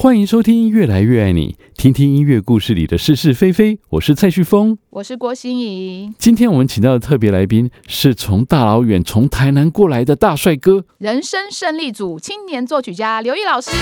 歡迎收聽《樂來越愛你》，聽聽音樂故事裡的是是非非。我是蔡旭峰，我是郭心怡。今天我們請到的特別來賓是從大老遠從台南過來的大帥哥——人生勝利組青年作曲家劉毅老師。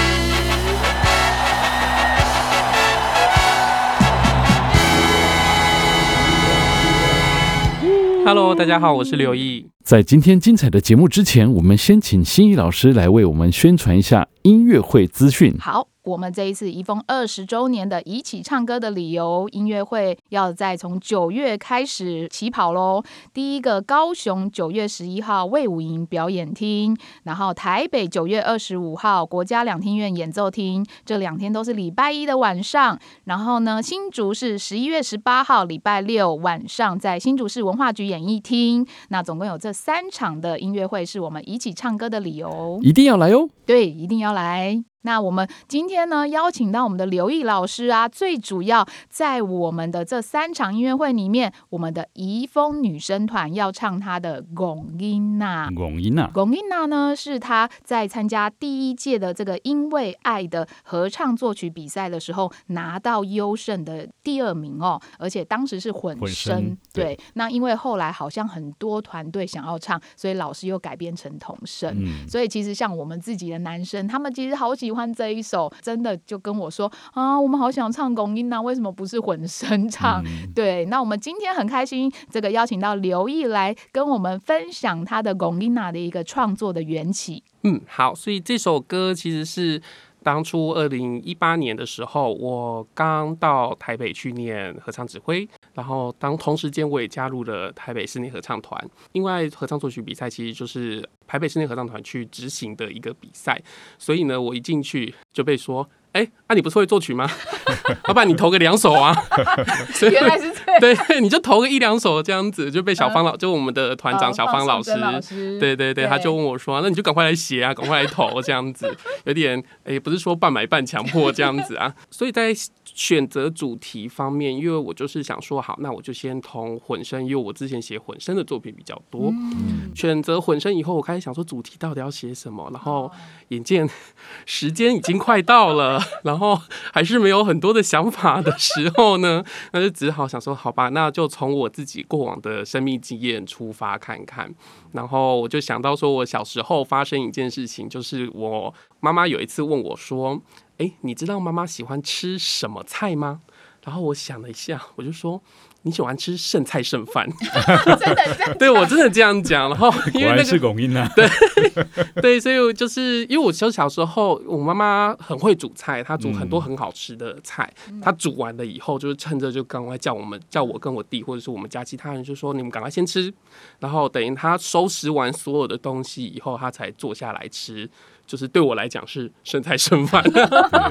Hello，大家好，我是劉毅。在今天精彩的節目之前，我們先請心怡老師來為我們宣傳一下音樂會資訊。好，我們這一次移風二十周年的一起唱歌的理由音樂會，要再從九月開始起跑嘍。第一個高雄九月十一號衛武營表演廳，然後台北九月二十五號國家兩廳院演奏廳，這兩天都是禮拜一的晚上。然後呢，新竹是十一月十八號禮拜六晚上在新竹市文化局演藝廳。那總共有這。三場的音樂會是我們一起唱歌的理由，一定要來哦。對，一定要來。那我們今天呢，邀請到我們的劉毅老師啊。最主要在我們的這三場音樂會裡面，我們的怡豐女生團要唱她的《戇囡仔》。戇囡仔，戇囡仔呢是她在參加第一屆的這個“因為愛”的合唱作曲比賽的時候拿到優勝的第二名哦。而且當時是混聲，混聲對，對。那因為後來好像很多團隊想要唱，所以老師又改編成童聲。嗯、所以其實像我們自己的男生，他們其實好喜歡。唱這一首，真的就跟我說啊，我們好想唱龔琳娜，為什麼不是混聲唱？嗯、對，那我們今天很開心，這個邀請到劉毅來跟我們分享他的龔琳娜的一個創作的緣起。嗯，好，所以這首歌其實是當初二零一八年的時候，我剛到台北去念合唱指揮。然後，當同時間我也加入了台北室內合唱團。因為，合唱作曲比賽其實就是台北室內合唱團去執行的一個比賽。所以呢，我一進去就被說：“哎，啊，你不是會作曲嗎？老板，你投個兩首啊！” 原來是這樣 對，對，你就投個一兩首這樣子，就被小方老就我們的團長小方老師，哦、對對對，他就問我說：“那你就趕快來寫啊，趕快來投這樣子。”有點哎，不是說半買半強迫這樣子啊。 所以在選擇主題方面，因為我就是想說，好，那我就先從混聲，因為我之前寫混聲的作品比較多。嗯、選擇混聲以後，我開始想說，主題到底要寫什麼？然後眼見時間已經快到了，然後還是沒有很多的想法的時候呢， 那就只好想說，好吧，那就從我自己過往的生命經驗出發看看。然後我就想到說，我小時候發生一件事情，就是我。媽媽有一次問我說：“哎，你知道媽媽喜歡吃什麼菜嗎？”然後我想了一下，我就說：“你喜歡吃剩菜剩飯。 真的，剩菜。”對，我真的這樣講。然後因為那個，是啊、對對，所以我就是因為我小小時候，我媽媽很會煮菜，她煮很多很好吃的菜。嗯、她煮完了以後，就是趁着就趕快叫我們，叫我跟我弟或者是我們家其他人，就說：“你們趕快先吃。”然後等於她收拾完所有的東西以後，她才坐下來吃。就是對我來講是剩菜剩飯，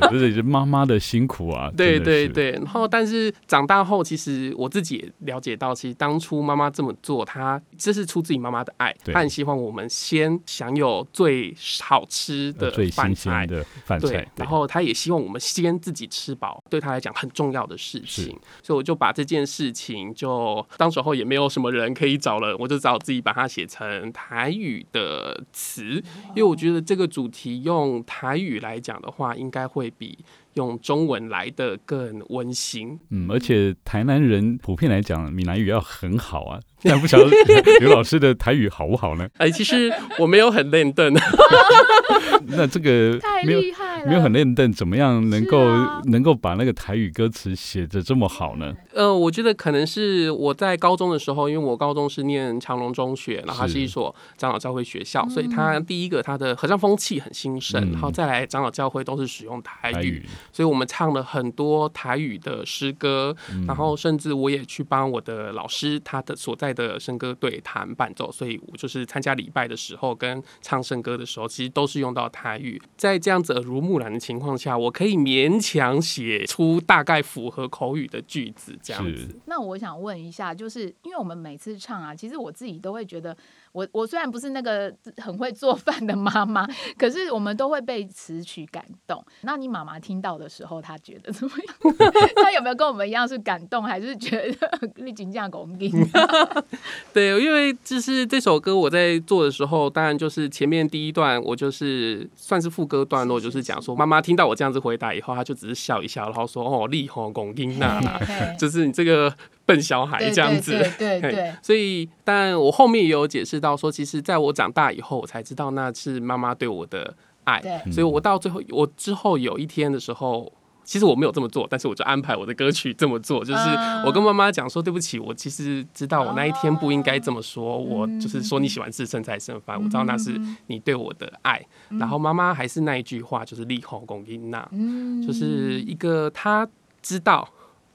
這是媽媽的辛苦啊。對對對，對，然後但是長大後，其實我自己也了解到，其實當初媽媽這麼做，她這是出自己媽媽的愛，她很希望我們先享有最好吃的飯菜，飯菜，對。然後她也希望我們先自己吃飽，對她來講很重要的事情。所以我就把這件事情，就當時候也沒有什麼人可以找了，我就找我自己把它寫成台語的詞，因為我覺得這個主。主題用台語來講的話，應該會比用中文來得更溫馨。嗯，而且台南人普遍來講，閩南語要很好啊。但不曉得劉 老師的台語好不好呢？哎、呃，其實我沒有很練鄧。 那這個太厲害了。沒有很認真，怎麼樣能夠、啊、能夠把那個台語歌詞寫得這麼好呢？呃，我覺得可能是我在高中的時候，因為我高中是念長榮中學，然後它是一所長老教會學校，是所以它第一個它的合唱、嗯、風氣很興盛，嗯、然後再來長老教會都是使用台語，台語所以我們唱了很多台語的詩歌，然後甚至我也去幫我的老師他的所在的聖歌隊彈伴奏，所以我就是參加禮拜的時候跟唱聖歌的時候，其實都是用到台語，在這樣子耳濡目。不然的情況下，我可以勉強寫出大概符合口語的句子，這樣子。是那我想問一下，就是因為我們每次唱啊，其實我自己都會覺得我，我我雖然不是那個很會做飯的媽媽，可是我們都會被詞曲感動。那你媽媽聽到的時候，她覺得怎麼樣？ 她有沒有跟我們一樣是感動，還是覺得力金匠工兵？ 啊、 對，因為就是這首歌我在做的時候，當然就是前面第一段，我就是算是副歌段落，就是講。說媽媽聽到我這樣子回答以後，她就只是笑一笑，然後說：“哦，立紅公英娜娜，嘿嘿就是你這個笨小孩這樣子。”對對，對，對，對對，所以但我後面也有解釋到說，其實在我長大以後，我才知道那是媽媽對我的愛。對，所以我到最後，我之後有一天的時候。其實我沒有這麼做，但是我就安排我的歌曲這麼做。就是我跟媽媽講說：“對不起，uh, 我其實知道我那一天不應該這麼說。Uh, 我就是說你喜歡吃剩菜剩飯，嗯、我知道那是你對我的愛。嗯”然後媽媽還是那一句話，就是“立後戇囡仔”，就是一個她知道，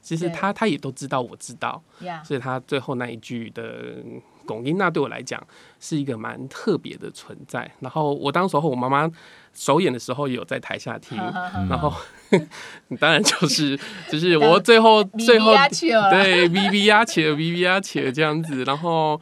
其實她對她也都知道，我知道，Yeah. 所以她最後那一句的。龔琳娜對我來講是一個蠻特別的存在，然後我當時候我媽媽首演的時候也有在台下聽，好好好然後呵呵當然就是就是我最後、嗯、最後,微微、啊、最後對 V V 壓且 V V 壓且這樣子，然後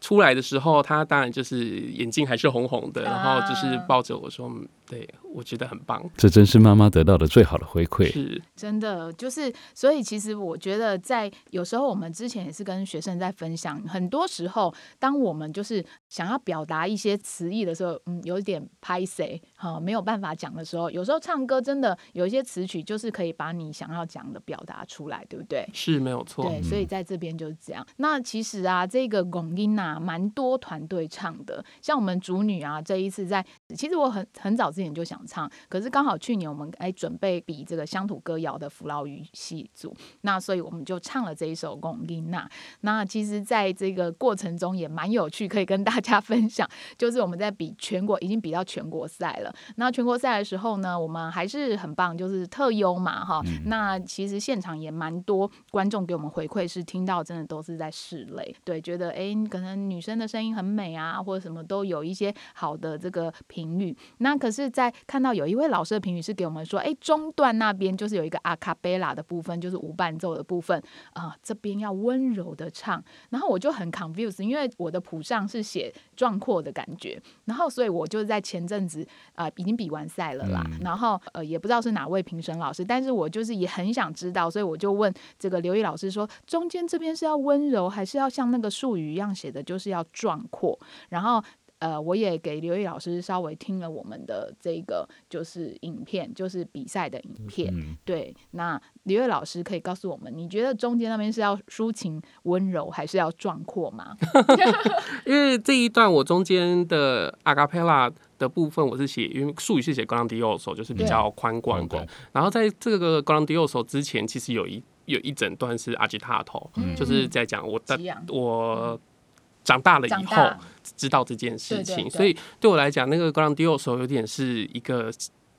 出來的時候，她當然就是眼睛還是紅紅的，然後就是抱着我說。啊對，我覺得很棒。這真是媽媽得到的最好的回饋。是，真的就是，所以其實我覺得在，在有時候我們之前也是跟學生在分享，很多時候當我們就是想要表達一些詞意的時候，嗯，有點拍塞，哈，沒有辦法講的時候，有時候唱歌真的有一些詞曲就是可以把你想要講的表達出來，對不對？是，沒有錯。對，所以在這邊就是這樣。嗯、那其實啊，這個龔琳娜蠻多團隊唱的，像我們主女啊，這一次在，其實我很很早之點就想唱，可是剛好去年我們還準備比這個鄉土歌謠的福佬語系組，那所以我們就唱了這一首《龔琳娜》。那其實在這個過程中也蠻有趣，可以跟大家分享。就是我們在比全國，已經比到全國賽了。那全國賽的時候呢，我們還是很棒，就是特優嘛，哈。嗯、那其實現場也蠻多觀眾給我們回饋，是聽到真的都是在拭淚，對，覺得哎、欸，可能女生的聲音很美啊，或者什麼都有一些好的這個評語。那可是。是在看到有一位老師的評語是給我們說，哎、欸，中段那邊就是有一個阿卡貝拉的部分，就是無伴奏的部分啊、呃，這邊要溫柔的唱。然後我就很 confused，因為我的譜上是寫壯闊的感覺，然後所以我就在前陣子啊、呃、已經比完賽了啦，嗯、然後呃也不知道是哪位評審老師，但是我就是也很想知道，所以我就問這個劉毅老師說，中間這邊是要溫柔，還是要像那個術語一樣寫的就是要壯闊？然後。呃，我也給劉毅老師稍微聽了我們的這個，就是影片，就是比賽的影片。嗯、對，那劉毅老師可以告訴我們，你覺得中間那邊是要抒情溫柔，還是要壯闊嗎？ 因為這一段我中間的阿嘎佩拉的部分，我是寫，因為術語是寫 Grandioso，就是比較寬廣的。嗯、然後在這個 Grandioso 之前，其實有一有一整段是阿吉塔頭，就是在講我的我。我長大了以後大知道這件事情，對對對，所以對我來講，那個《grandioso》有點是一個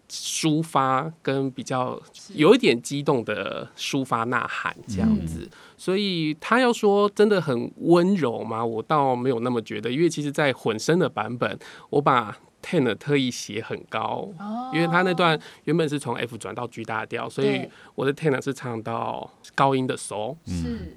抒發跟比較有一點激動的抒發吶喊這樣子。嗯、所以他要說真的很溫柔嗎？我倒沒有那麼覺得，因為其實，在混聲的版本，我把。Tenor，特意寫很高，因為他那段原本是從 F 轉到 G 大調，所以我的 Tenor 是唱到高音的 So，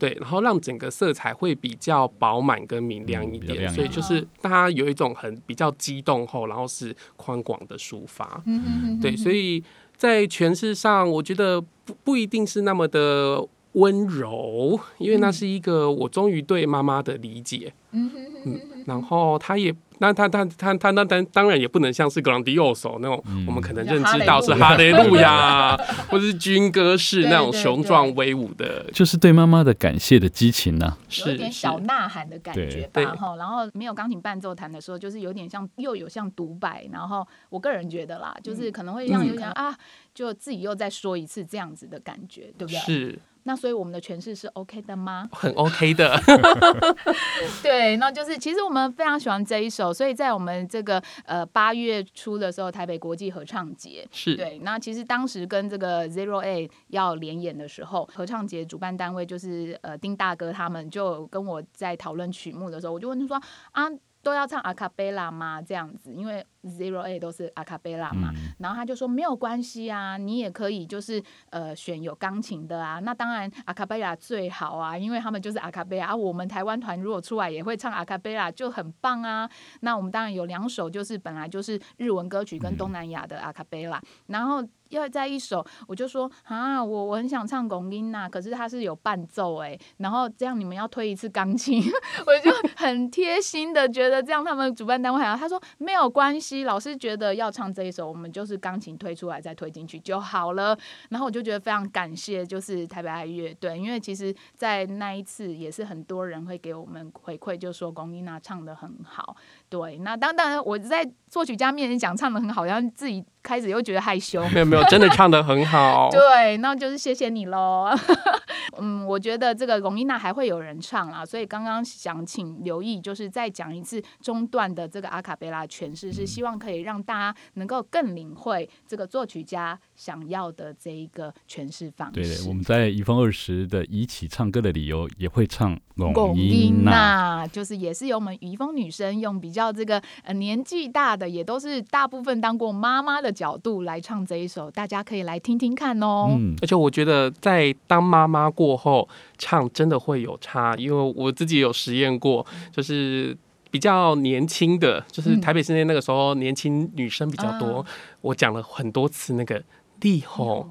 對，對，然後讓整個色彩會比較飽滿跟明亮一點，嗯、比較亮一點，所以就是大家有一種很比較激動後，然後是寬廣的抒發，嗯、哼哼哼哼對，所以在詮釋上，我覺得不不一定是那麼的溫柔，因為那是一個我終於對媽媽的理解，嗯，哼哼哼哼嗯，然後他也。那他他他他那當當然也不能像是格朗迪右手那種，我們可能認知到是哈雷路亞，路 或是軍歌式那種雄壯威武的，就是對媽媽的感謝的激情呢、啊，是是有一點小吶喊的感覺吧，然後沒有鋼琴伴奏彈的時候，就是有點像又有像獨白，然後我個人覺得啦，嗯、就是可能會讓有想啊，嗯、就自己又再說一次這樣子的感覺，對不對？是。那所以我們的詮釋是 OK 的嗎？很 OK 的， 對。那就是其實我們非常喜歡這一首，所以在我們這個呃八月初的時候，台北國際合唱節是對。那其實當時跟這個 Zero A 要連演的時候，合唱節主辦單位就是呃丁大哥他們，就跟我在討論曲目的時候，我就問他說啊，都要唱阿卡貝拉嗎？這樣子，因為 Zero A 都是阿卡貝拉嘛。嗯、然後他就說沒有關係啊，你也可以就是呃選有鋼琴的啊。那當然阿卡貝拉最好啊，因為他們就是阿卡貝拉啊，我們台灣團如果出來也會唱阿卡貝拉就很棒啊。那我們當然有兩首就是本來就是日文歌曲跟東南亞的阿卡貝拉然後。要再一首，我就說啊，我我很想唱龔琳娜，可是它是有伴奏哎，然後這樣你們要推一次鋼琴， 我就很貼心的覺得這樣他們主辦單位還好他說沒有關係，老師覺得要唱這一首，我們就是鋼琴推出來再推進去就好了，然後我就覺得非常感謝就是台北愛樂隊，因為其實在那一次也是很多人會給我們回饋，就說龔琳娜唱得很好。對，那當然，我在作曲家面前講唱得很好，然後自己開始又覺得害羞。 沒有沒有，真的唱得很好。 對，那就是謝謝你嘍。 嗯，我覺得這個龔琳娜還會有人唱啊，所以剛剛想請留意，就是再講一次中段的這個阿卡貝拉詮釋，嗯、是希望可以讓大家能夠更領會這個作曲家想要的這一個詮釋方式。對，我們在怡風二十的一起唱歌的理由也會唱龔琳娜，龔琳娜,就是也是由我們怡風女生用比。比較這個呃年紀大的也都是大部分當過媽媽的角度來唱這一首，大家可以來聽聽看哦、喔。而且我覺得在當媽媽過後唱真的會有差，因為我自己有實驗過，就是比較年輕的，就是台北市內那個時候年輕女生比較多，嗯、我講了很多次那個。利吼，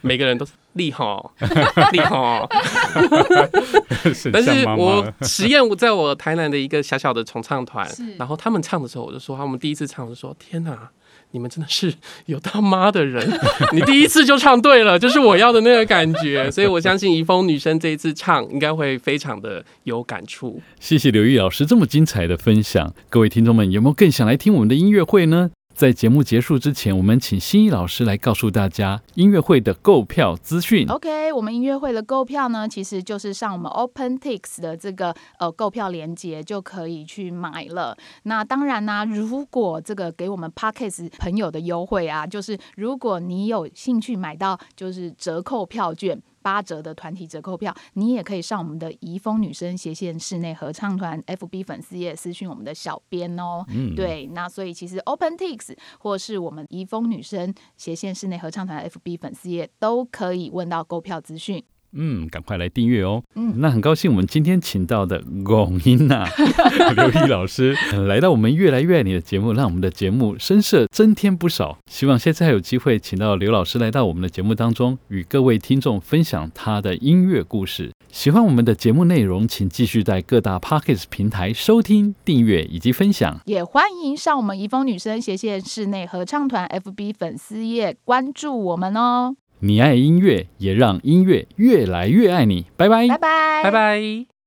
每個人都是利吼，利吼。 但是，我實驗在我台南的一個小小的重唱團，是然後他們唱的時候，我就說，他們第一次唱，我就說，天哪，你們真的是有他媽的人，你第一次就唱對了， 就是我要的那個感覺。所以我相信怡風女生這一次唱，應該會非常的有感觸。謝謝劉毅老師這麼精彩的分享，各位聽眾們有沒有更想來聽我們的音樂會呢？在節目結束之前，我們請心怡老師來告訴大家音樂會的購票資訊。OK，我們音樂會的購票呢，其實就是上我們 OpenTix 的這個呃購票鏈接就可以去買了。那當然呢、啊，如果這個給我們 Podcast 朋友的優惠啊，就是如果你有興趣買到就是折扣票券，八折的團體折扣票，你也可以上我們的怡豐女生斜線室內合唱團 FB 粉絲頁私訊我們的小編哦。嗯、對，那所以其實 OpenTix 或是我們怡豐女生斜線室內合唱團 FB 粉絲頁都可以問到購票資訊。嗯，趕快來訂閱哦！嗯，那很高興我們今天請到的龔音吶，劉毅老師來到我們樂來越愛你的節目，讓我們的節目聲色增添不少。希望現在還有機會請到劉老師來到我們的節目當中，與各位聽眾分享他的音樂故事。喜歡我們的節目內容，請繼續在各大 Podcast 平台收聽、訂閱以及分享。也歡迎上我們宜豐女生斜線室內合唱團 FB 粉絲頁關注我們哦。你愛音樂，也讓音樂越來越愛你。拜拜，拜拜，拜拜。